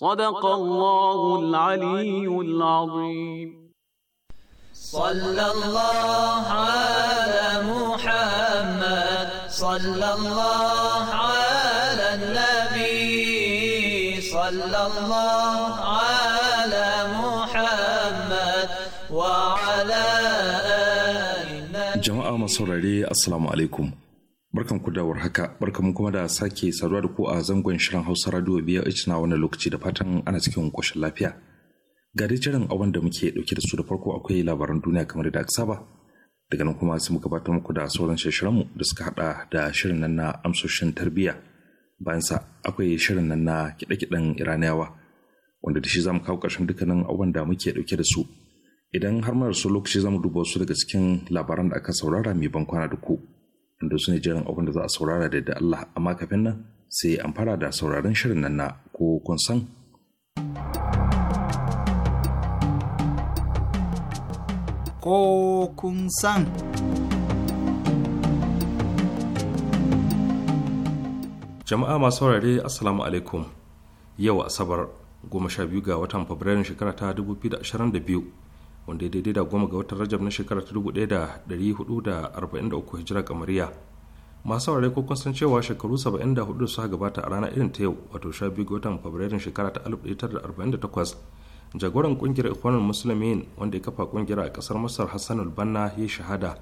صدق الله العلي العظيم صلى الله على محمد صلى الله على النبي صلى الله على محمد وعلى آل النبي جماعة مصر السلام عليكم Barkan ku da warhaka, barkan mu kuma da sake saduwa da ku a zangon shirin Hausa Radio BH na wani lokaci da fatan ana cikin koshin lafiya. Ga dai jiran abin da muke dauke da su da farko akwai labaran duniya kamar da aka saba. Daga nan kuma sai mu gabatar muku da sauran shirin mu da suka hada da shirin nan na amsoshin tarbiyya. Bayan sa akwai shirin nan na kiɗe-kiɗen Iraniyawa wanda da shi zamu kawo karshen dukkanin abin da muke dauke da su. Idan har mara su lokaci zamu duba su daga cikin labaran da aka saurara mai ban kwana da ku. inda su ne jiran abin da za a saurara da da Allah amma kafin nan sai an fara da sauraron shirin nan na ko kun san. Ko kun san. Jama'a masu saurare Assalamu alaikum yau Asabar goma biyu ga watan Fabrairun shekara ta 2022 wanda ya daidai da goma ga watan rajab na shekarar dubu da da da arba'in uku hijira kamariya masu saurare ko kun san cewa shekaru hudu suka gabata a rana irin ta yau wato biyu ga watan fabrairun shekara ta 1948 jagoran ƙungiyar ikhwanul musulmin wanda ya kafa kungiyar a kasar masar hassan banna ya shahada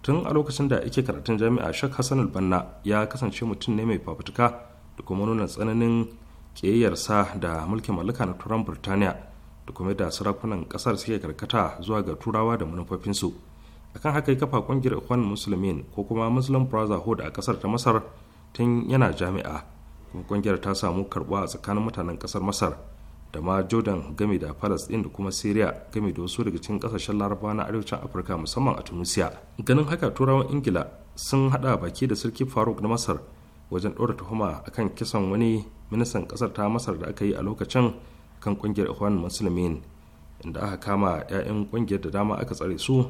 tun a lokacin da ake karatun jami'a shak hassan banna ya kasance mutum ne mai fafutuka da kuma nuna tsananin ƙiyayyarsa da mulkin mallaka na turan burtaniya da kuma da sarakunan kasar suke karkata zuwa ga turawa da manufofinsu akan haka kafa kungiyar ikhwan musulmin ko kuma muslim brotherhood a kasar ta masar tun yana jami'a kuma kungiyar ta samu karbuwa a tsakanin mutanen kasar masar da ma jordan game da palestine da kuma syria game da wasu daga cikin kasashen larabawa na arewacin afirka musamman a tunisia ganin haka turawan ingila sun hada baki da sarki faruk na masar wajen ɗora tuhuma akan kisan wani ministan kasar ta masar da aka yi a lokacin kan kungiyar ikhwan musulmin inda aka kama 'ya'yan kungiyar da dama aka tsare su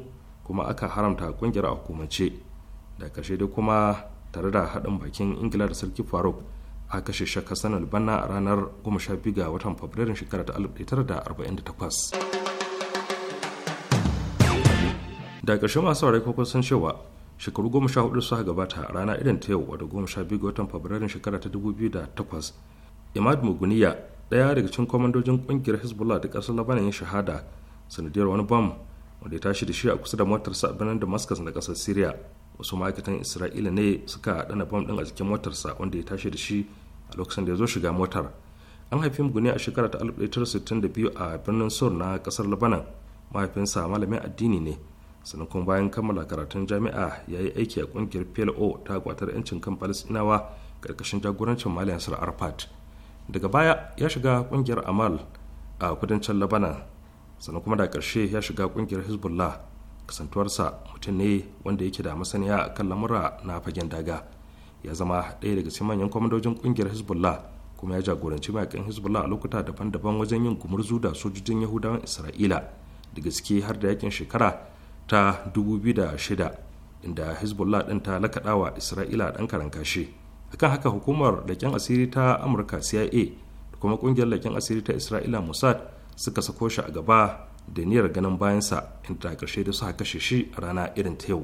kuma aka haramta kungiyar a hukumance da karshe dai kuma tare da haɗin bakin ingila da sarki faruk a kashe shakka sanar banna a ranar 12 ga watan fabrairun shekarar ta 1948 da ƙarshe masu saurari kwakwa sun cewa shekaru goma sha hudu suka gabata a rana irin ta yau wadda goma sha biyu ga watan fabrairun shekara ta 2008 imad muguniya daya daga cikin kwamandojin kungiyar hezbollah da kasar labanan ya shahada sanadiyar wani bam wanda ya tashi da shi a kusa da motarsa a birnin damascus na kasar syria wasu ma'aikatan isra'ila ne suka haɗana bam din a jikin motarsa wanda ya tashi da shi a lokacin da ya zo shiga motar an haifi mugune a shekara ta 1962 a birnin sur na kasar labanan mahaifinsa malamin addini ne sannan kuma bayan kammala karatun jami'a ya yi aiki a kungiyar plo ta gwatar 'yancin kan palestinawa ƙarƙashin jagorancin malam yasir arfat daga baya ya shiga kungiyar amal a kudancin labanan sannan kuma da karshe ya shiga kungiyar hezbollah kasantuwarsa mutum ne wanda yake da masaniya a kan lamura na fagen daga ya zama ɗaya daga cikin manyan kwamandojin kungiyar hezbollah kuma ya jagoranci mayakan hezbollah a lokuta daban-daban wajen yin gumurzu da sojojin yahudawan isra'ila da gaske har da yakin shekara ta 2006 inda hezbollah ɗin ta lakaɗawa isra'ila ɗan karankashi kashe akan haka hukumar leƙen asiri ta amurka cia da kuma ƙungiyar leƙen asiri ta isra'ila mossad suka sako shi a gaba da niyyar ganin bayansa inda ƙarshe da suka kashe shi a rana irin ta yau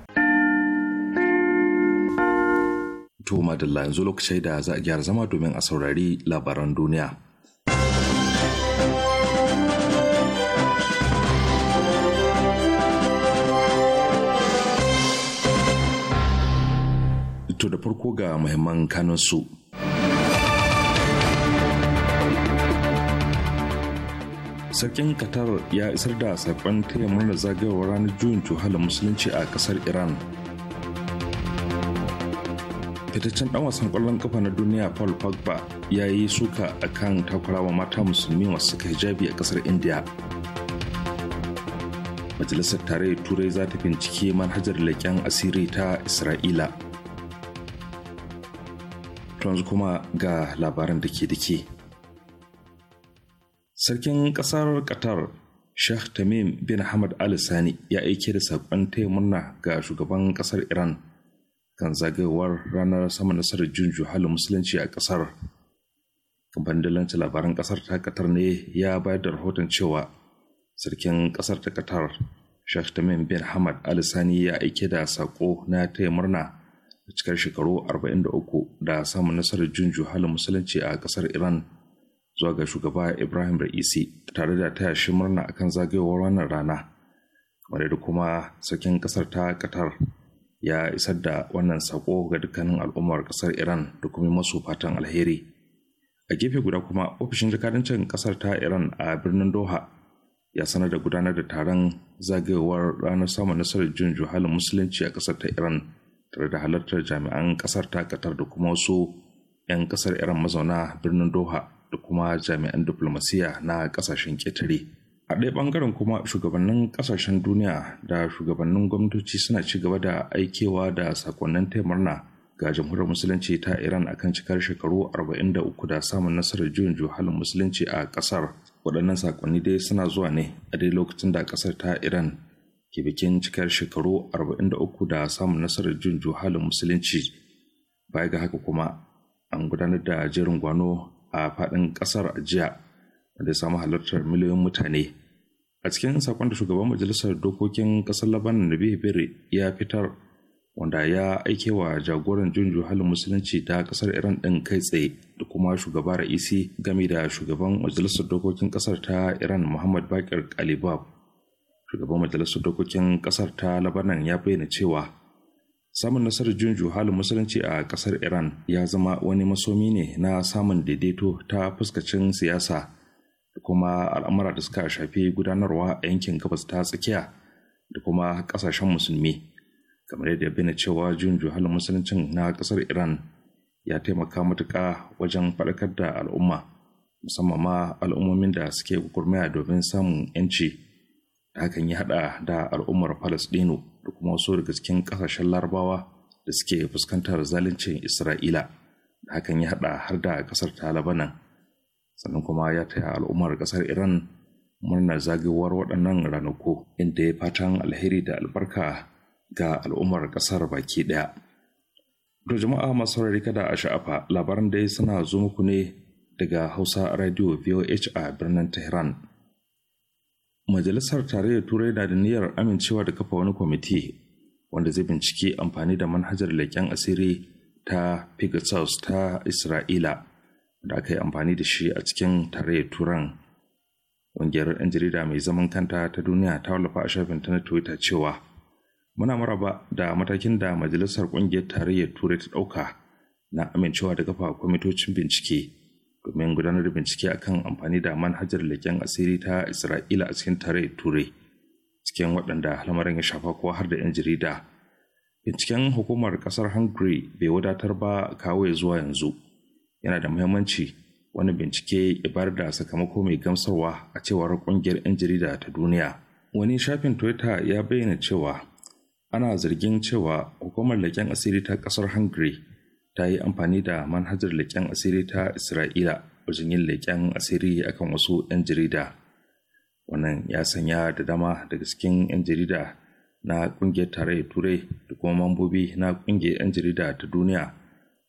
To madalla yanzu lokacin da za a gyara zama domin a saurari labaran duniya. To da farko ga muhimman kanunsu. Sarkin Qatar ya isar da saƙon taya murnar zagayowar ranar juyin juhala musulunci a ƙasar Iran. fitaccen dan wasan kwallon kafa na duniya paul pogba ya yi suka a kan takurawa mata musulmi wasu suka hijabi a kasar india majalisar tarayyar turai za ta bincike manhajar leƙen asiri ta isra'ila yanzu kuma ga labaran da ke dake sarkin kasar qatar sheikh tamim bin hamad al sani ya aike da saƙon taimunna ga shugaban kasar iran kan zagayowar ranar sama nasarar junju halin musulunci a ƙasar. Kamfanin labaran ƙasar ta katar ne ya bayar da rahoton cewa sarkin ƙasar ta katar Sheikh Tamim bin Hamad Al Sani ya aike da sako na taya murna a cikar shekaru 43 da samun nasarar junju halin musulunci a ƙasar Iran zuwa ga shugaba Ibrahim Ra'isi tare da taya shi murna akan zagayowar wannan rana. Kamar da kuma sarkin ƙasar ta katar ya isar da wannan sako ga dukkanin al'ummar kasar iran da kuma masu fatan alheri a gefe guda kuma ofishin jakadancin kasar ta iran a birnin doha ya sanar da gudanar da taron zagayowar ranar samun nasarar jin juhalin musulunci a kasar ta iran tare da halartar jami'an kasar ta katar da kuma wasu 'yan kasar iran mazauna birnin doha da kuma jami'an diplomasiya na kasashen ƙetare. a ɗaya ɓangaren kuma shugabannin ƙasashen duniya da shugabannin gwamnatoci suna ci gaba da aikewa da sakonnin taimurna ga jamhuriyar musulunci ta iran akan cikar shekaru 43 da samun nasarar juyin juhalin musulunci a ƙasar waɗannan sakonni dai suna zuwa ne a dai lokacin da ƙasar ta iran ke bikin cikar shekaru 43 da samun nasarar juyin juhalin musulunci baya ga haka kuma an gudanar da jerin gwano a faɗin ƙasar jiya da samu halartar miliyoyin mutane a cikin sakon da shugaban majalisar dokokin kasar labanan da bere ya fitar wanda ya aike wa jagoran junju halin musulunci ta kasar iran din kai tsaye da kuma shugaba ra'isi game da shugaban majalisar dokokin kasar ta iran muhammad bakir kalibab shugaban majalisar dokokin kasar ta labanan ya bayyana cewa samun nasarar junju halin musulunci a kasar iran ya zama wani masomi ne na samun daidaito ta fuskacin siyasa da kuma al'amura da suka shafi gudanarwa a yankin gabas ta tsakiya da kuma ƙasashen musulmi kamar yadda ya bayyana cewa jin juhalin musuluncin na ƙasar iran ya taimaka matuka wajen faɗakar da al'umma musamman ma al'ummomin da suke gurmaya domin samun 'yanci da hakan ya haɗa da al'ummar palestino da kuma wasu daga cikin ƙasashen larabawa da suke fuskantar zaluncin isra'ila da hakan ya haɗa har da ƙasar ta labanan sannan kuma ya taya al'ummar ƙasar iran murnar zagayowar waɗannan ranaku inda ya fatan alheri da albarka ga al'ummar ƙasar baki ɗaya to jama'a masu kada a sha'afa labaran dai suna zo muku ne daga hausa radio voh a birnin tehran majalisar tarayyar turai na da niyyar amincewa da kafa wani kwamiti wanda zai binciki amfani da manhajar leƙen asiri ta pegasus ta isra'ila da aka yi amfani da shi a cikin tarayyar turan ƙungiyar 'yan jarida mai zaman kanta ta duniya ta wallafa a shafin ta na twitter cewa muna maraba da matakin da majalisar ƙungiyar tarayyar turai ta ɗauka na amincewa da kafa kwamitocin bincike domin gudanar da bincike akan amfani da manhajar leƙen asiri ta isra'ila a cikin tarayyar turai cikin waɗanda lamarin ya shafa kuwa har da 'yan jarida binciken hukumar ƙasar hungary bai wadatar ba kawo zuwa yanzu yana da muhimmanci wani bincike ya bayar da sakamako mai gamsarwa a cewar kungiyar 'yan jarida ta duniya wani shafin twitter ya bayyana cewa ana zargin cewa hukumar leƙen asiri ta ƙasar hungary ta yi amfani da manhajar leƙen asiri ta isra'ila wajen yin leƙen asiri akan wasu 'yan jarida wannan ya sanya da dama daga cikin 'yan jarida na kungiyar tarayyar turai da kuma mambobi na kungiyar 'yan jarida ta duniya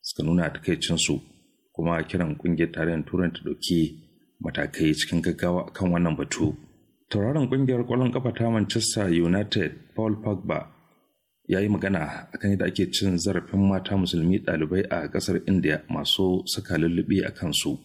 suka nuna takaicinsu kuma kiran ƙungiyar tarayyar turai ta ɗauki matakai cikin gaggawa kan wannan batu tauraron ƙungiyar kwalon ƙafata ta manchester united paul pogba ya yi magana kan yadda ake cin zarafin mata musulmi ɗalibai a ƙasar india masu saka lullubi a kansu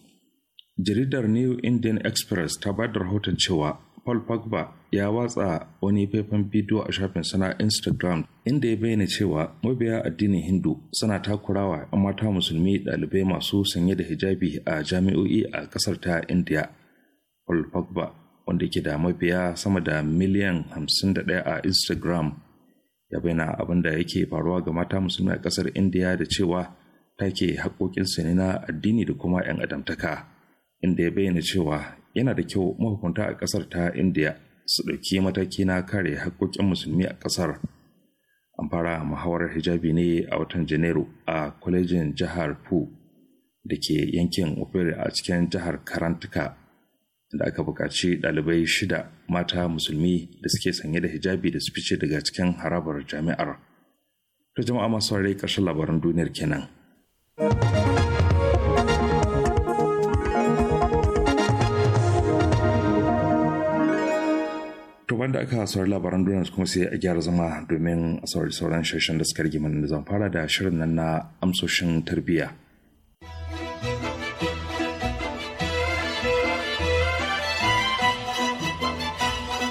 jaridar new indian express ta ba da rahoton cewa paul pogba ya watsa wani faifan bidiyo a shafin sana instagram inda ya bayyana cewa mabiya addinin hindu suna takurawa 'yan mata musulmi ɗalibai masu sanye da hijabi a jami'o'i a ƙasar ta india paul pogba wanda ke da mabiya sama da miliyan 51 a instagram ya bayyana abin da yake faruwa ga mata musulmi a ƙasar india da cewa take haƙoƙinsu ne addini da kuma 'yan adamtaka inda ya bayyana cewa yana da kyau mahukunta a ƙasar ta indiya su ɗauki mataki na kare haƙƙoƙin musulmi a ƙasar an fara muhawarar hijabi ne a watan janairu a kwalejin jihar pu da ke yankin ofere a cikin jihar karantuka da aka buƙaci ɗalibai shida mata musulmi da suke sanye da hijabi da su fice daga cikin harabar jami'ar ta jama'a masu rai ƙarshen labaran duniyar kenan. Wanda da aka saurari labaran duniya kuma sai a gyara zama domin a saurari sauran shashen da suka rigima da zan fara da shirin nan na amsoshin tarbiyya.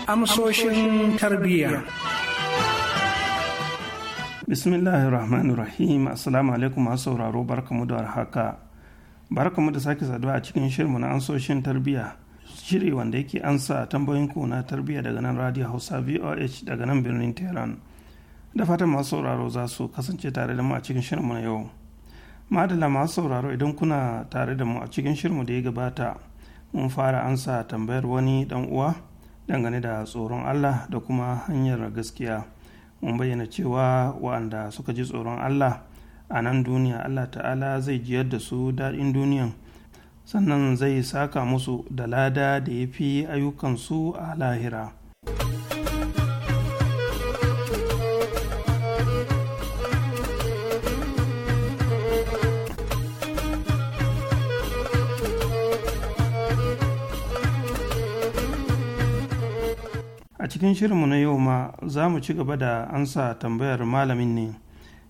Amsoshin tarbiyya. Rahim Assalamu alaikum masu sauraro barkamu da warhaka. Barkamu da sake saduwa a cikin shirinmu na amsoshin tarbiyya. shiri wanda yake ansa tambayoyin ku na tarbiyya daga nan radio hausa voh daga nan birnin tehran da fatan masu sauraro za su kasance tare da mu a cikin shirinmu na yau madala masu sauraro idan kuna tare da mu a cikin shirinmu da ya gabata mun fara ansa tambayar wani dan uwa dangane da tsoron allah da kuma hanyar gaskiya mun bayyana cewa waɗanda suka ji tsoron allah a nan duniya allah ta'ala zai jiyar da su daɗin duniyan sannan zai saka musu da lada da ya fi ayyukansu a lahira. A cikin shirinmu na yau ma za mu ci gaba da ansa tambayar malamin ne.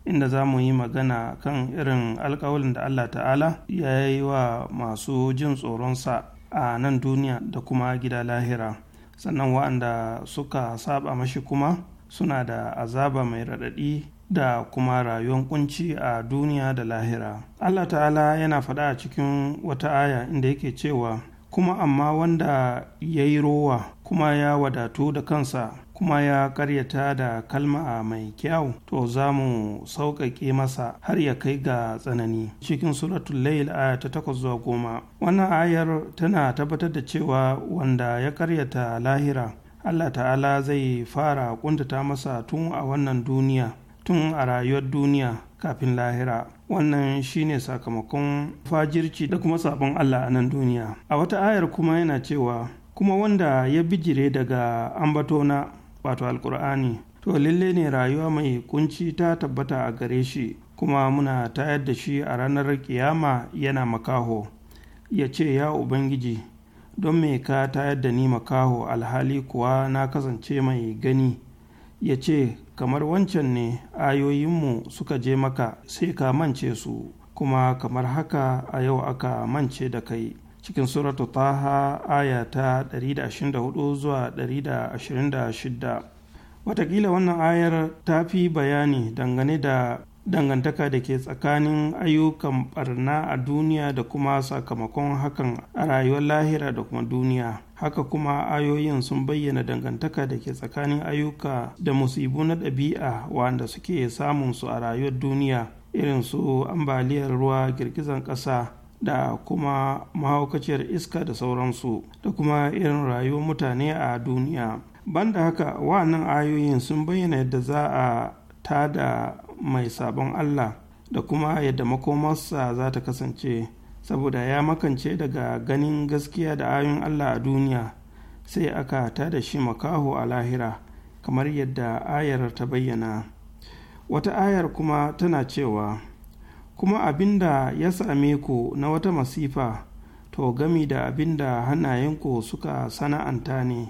inda za mu yi magana kan irin alkawalin da Allah ta'ala ya yi wa masu jin tsoronsa a nan duniya da kuma gida lahira sannan wa'anda suka saba mashi kuma suna da azaba mai raɗaɗi da kuma rayuwar kunci a duniya da lahira Allah ta'ala yana faɗa a cikin wata aya inda yake cewa kuma amma wanda ya yi rowa kuma ya wadatu da kansa kuma ya karyata da kalma mai kyau to za mu sauƙaƙe masa har ya kai ga tsanani cikin suratul layl aya ta takwas zuwa goma wannan ayar tana tabbatar da cewa wanda ya karyata lahira allah ta'ala zai fara kuntata masa tun a wannan duniya tun a rayuwar duniya kafin lahira wannan shine sakamakon fajirci da kuma sabon allah a nan duniya a wata ayar kuma yana cewa kuma wanda ya bijire daga ambatona wato alkur'ani to lalle ne rayuwa mai kunci ta tabbata a gare shi kuma muna tayar da shi a ranar kiyama yana makaho ya ce ya ubangiji don me ka tayar da ni makaho alhali kuwa na kasance mai gani ya ce kamar wancan ne ayoyinmu suka je maka sai ka mance su kuma kamar haka a yau aka mance da kai cikin suratu taha aya ta 124 zuwa 126 watakila wannan ayar ta fi bayani dangane da dangantaka da ke tsakanin ayyukan barna a duniya da kuma sakamakon hakan a rayuwar lahira da kuma duniya haka kuma ayoyin sun bayyana dangantaka da ke tsakanin ayyuka da musibu na ɗabi'a wanda suke samun su a rayuwar duniya irin su ambaliyar ruwa girgizan ƙasa da kuma mahaukaciyar iska da sauransu da kuma irin rayuwar mutane a duniya banda haka wa'annan ayoyin sun bayyana yadda za a tada mai sabon allah da kuma yadda makomarsa za ta kasance saboda ya makance daga ganin gaskiya da ayoyin allah a duniya sai aka tada shi makaho a lahira kamar yadda ayar ta bayyana wata ayar kuma tana cewa kuma abin da ya same ku na wata masifa to gami da abin da hannayenku suka sana'anta ne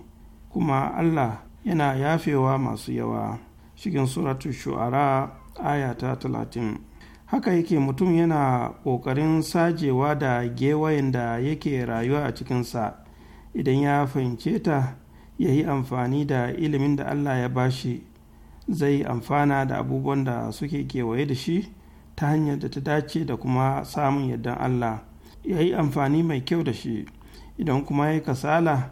kuma Allah yana yafewa masu yawa cikin suratu shu'ara aya ta talatin haka yake mutum yana ƙoƙarin sajewa da gewayen da yake rayuwa a cikinsa idan ya fahimce ta ya yi amfani da ilimin da Allah ya bashi zai amfana da abubuwan da suke kewaye da shi ta hanyar da ta dace da kuma samun yardan Allah ya yi amfani mai kyau da shi idan kuma ya kasala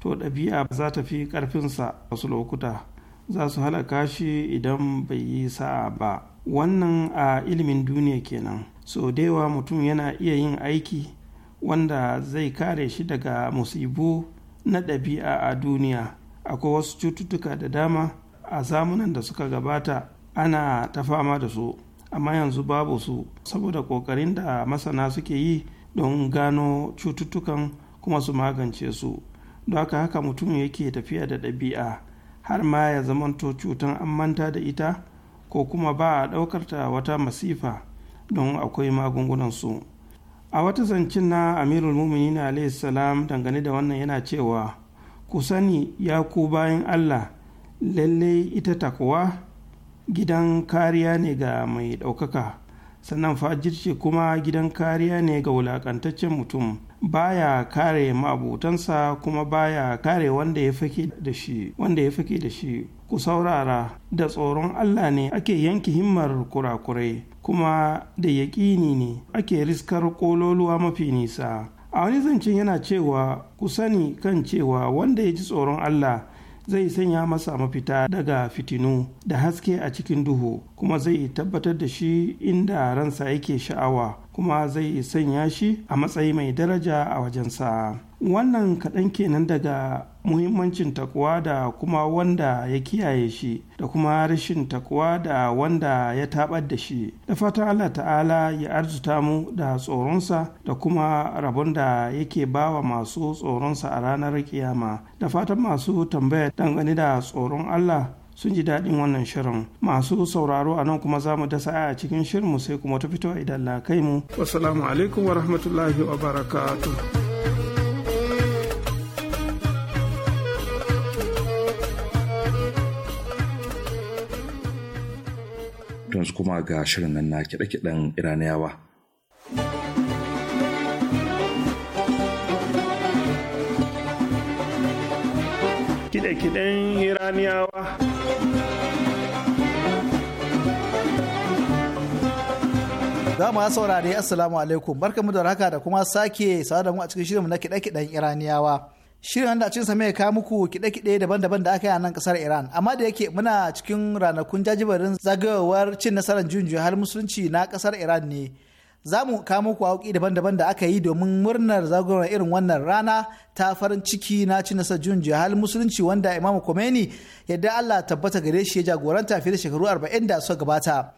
to ɗabi'a za ta fi ƙarfinsa wasu lokuta za su halaka shi idan bai yi sa'a ba wannan a ilimin duniya kenan so dewa mutum yana iya yin aiki wanda zai kare shi daga musibu na ɗabi'a a duniya akwai wasu cututtuka da dama a zamunan da suka gabata ana ta fama da su amma yanzu babu su saboda ƙoƙarin da masana suke yi don gano cututtukan kuma su magance su don haka haka mutum yake tafiya da ɗabi'a har ma ya zamanto cutan an manta da ita ko kuma ba a ta wata masifa don akwai magungunan su a wata zancen na amirul muminin salam dangane da wannan yana cewa ku sani ya ku bayan allah lallai ita takwa gidan kariya ne ga mai ɗaukaka sannan fajirce kuma gidan kariya ne ga wulaƙantaccen mutum baya kare ma'abutansa kuma baya kare wanda ya fake da shi wanda ya fake da shi ku saurara da tsoron Allah ne ake yanke himmar kurakurai kuma da yaƙini ne ake riskar ƙololuwa mafi nisa a wani zancen yana cewa ku sani kan cewa wanda ya ji tsoron Allah zai sanya masa mafita daga fitinu da haske a cikin duhu kuma zai tabbatar da shi inda ransa yake sha'awa kuma zai sanya shi a matsayi mai daraja a wajensa wannan kaɗan kenan daga muhimmancin takuwa da kuma wanda ya kiyaye shi da kuma rashin takuwa da wanda ya taɓar da shi da fatan allah ta'ala ya arzuta mu da tsoronsa da kuma rabon da yake bawa masu tsoronsa a ranar kiyama da fatan masu tambaya dangane da tsoron allah sun ji daɗin wannan shirin masu sauraro a nan kuma za mu dasa a cikin shirinmu sai kuma ta fito idan la kai mu wasalamu alaikum wa rahmatullahi wa barakatu. yanzu kuma ga shirin nan na kiɗe-kiɗen iraniyawa kide-kiden iraniyawa za mu saurare assalamu alaikum barkamu da haka da kuma sake sa da mu a cikin shirinmu na kiɗe kiden iraniyawa shirin da a cikin mai kawo muku kiɗe-kiɗe daban-daban da aka yi a nan kasar iran amma da yake muna cikin ranakun jajibarin zagayowar cin nasarar juyin har musulunci na kasar iran ne za mu kamo ku daban-daban da aka yi domin murnar zagorar irin wannan rana ta farin ciki na ci nasa jun jihar musulunci wanda Imam Khomeini yadda Allah tabbata gare shi ya jagoranta fiye da shekaru 40 da suka gabata.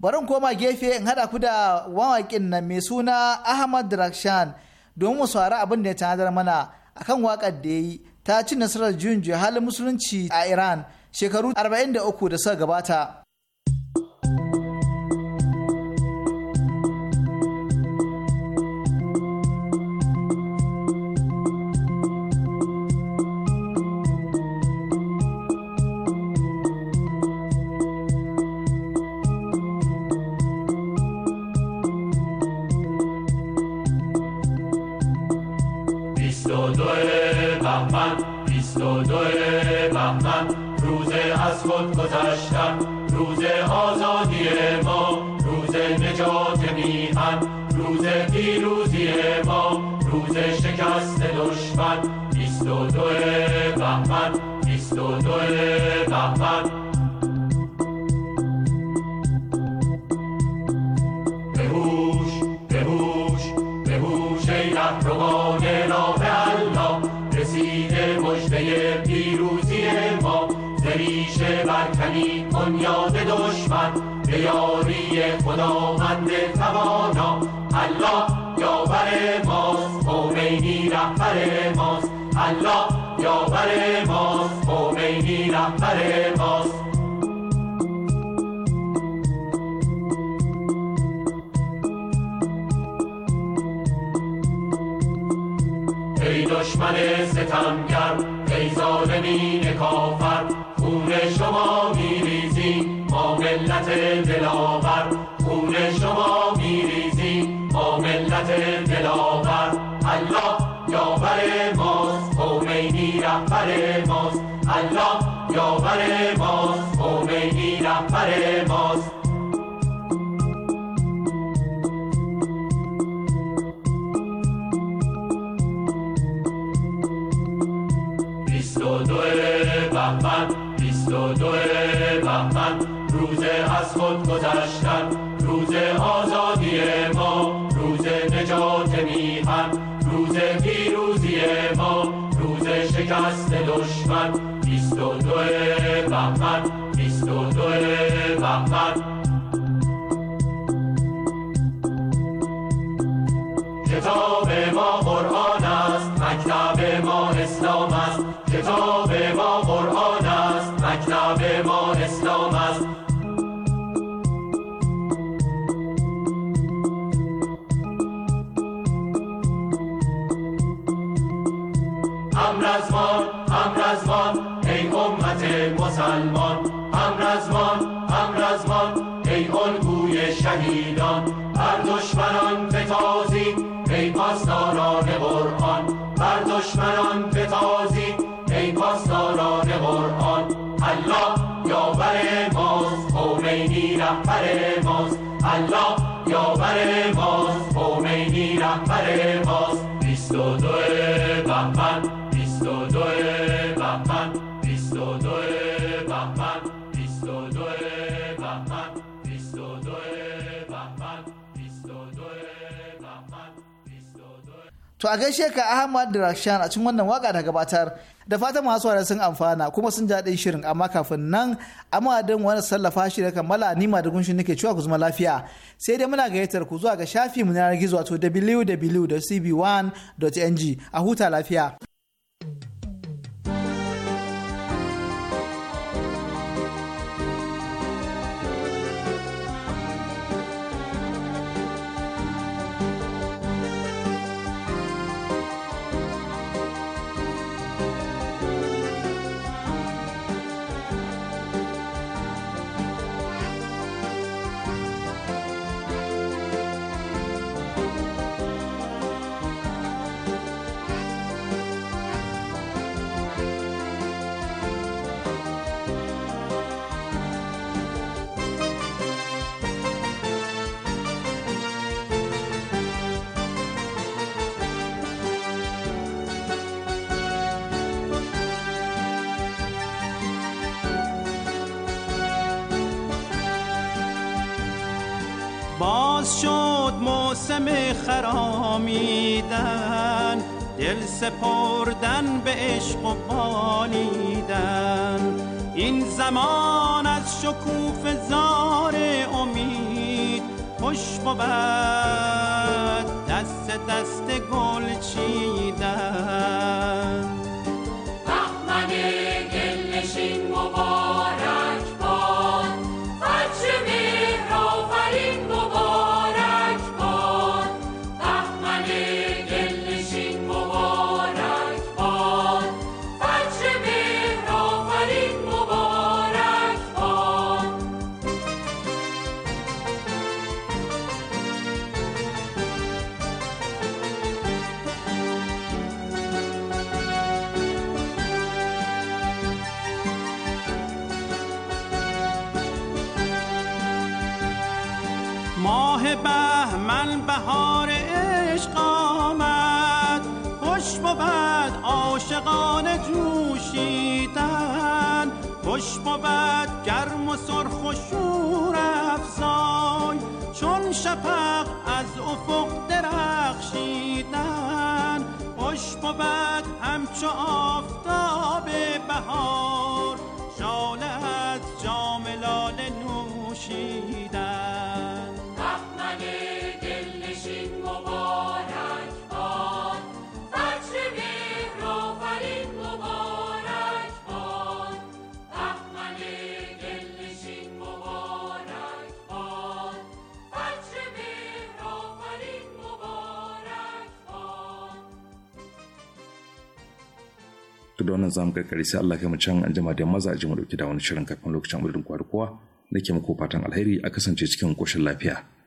barin koma gefe in haɗa ku da wawakin nan mai suna Ahmad Rakshan domin mu saurari abin da ya tanadar mana akan wakar da ya yi ta ci nasarar jihar halin musulunci a Iran shekaru 43 da suka gabata. یاری خداوند توانا الله یاور ماست خمینی رهبر ماست الله یاور ماست خمینی رهبر ماست ای دشمن ستمگر ای ظالمین کافر خون شما می ملت دلاور خون شما میریزی با ملت دلاور الله یاور ماست خمینی رهبر ماست الله یاور ماست خمینی رهبر ماست بیست و دو بهمن بیست و دو بهمن روز از خود گذشتن روز آزادی ما روز نجات میهن روز پیروزی ما روز شکست دشمن بیست و دو بهمن بیست بهمن کتاب ما قرآن است مکتب ما اسلام است کتاب ما قرآن است مکتب ما اسلام است سخنان بتازی ای پاسداران قرآن الله یاور ماست خمینی رهبر ماست الله یاور ماست خمینی رهبر ماست To a gaishe ka Ahmad Drakshan a cikin wannan waka da gabatar da fatan masu wada sun amfana kuma sun ji daɗin shirin amma kafin nan a don wani sallafa shi da kammala nima da gunshin nake cewa ku zama lafiya sai dai muna gayyatar ku zuwa ga shafi mu na gizo wato www.cb1.ng a huta lafiya. مراسم خرامیدن دل سپردن به عشق و بالیدن این زمان از شکوف زار امید خوش بود دست دست گل چیدن خوش بود گرم و سرخ و شور افزای چون شفق از افق درخشیدن خوش بود همچو آفتاب بهار شاله از جاملال نوشیدن da wannan zamu kai kare sai Allah kai mu can anjima da maza ji mu dauki da wani shirin kafin lokacin murin kwa da nake muku fatan alheri a kasance cikin koshin lafiya